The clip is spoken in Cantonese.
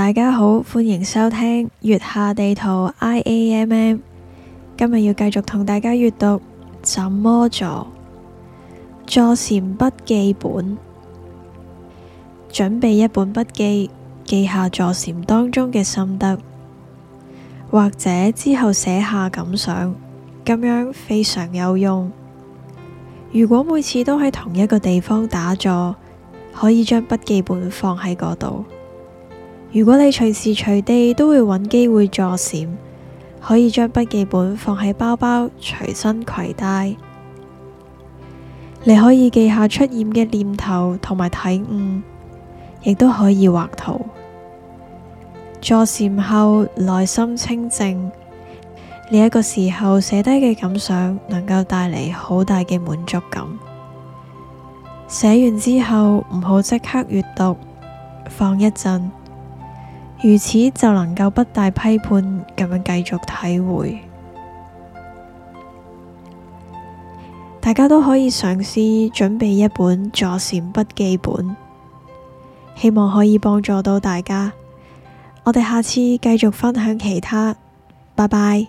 大家好，歡迎收聽月下地圖 I A M M。今日要繼續同大家閱讀怎麼坐坐禪筆記本，準備一本筆記，記下坐禪當中嘅心得，或者之後寫下感想，咁樣非常有用。如果每次都喺同一個地方打坐，可以將筆記本放喺嗰度。如果你隨時隨地都會揾機會坐禪，可以將筆記本放喺包包隨身攜帶。你可以記下出現嘅念頭同埋體悟，亦都可以畫圖。坐禪後內心清靜，呢一個時候寫低嘅感想能夠帶嚟好大嘅滿足感。寫完之後唔好即刻閱讀，放一陣。如此就能夠不帶批判咁樣繼續體會，大家都可以嘗試準備一本坐禪筆記本，希望可以幫助到大家。我哋下次繼續分享其他，拜拜。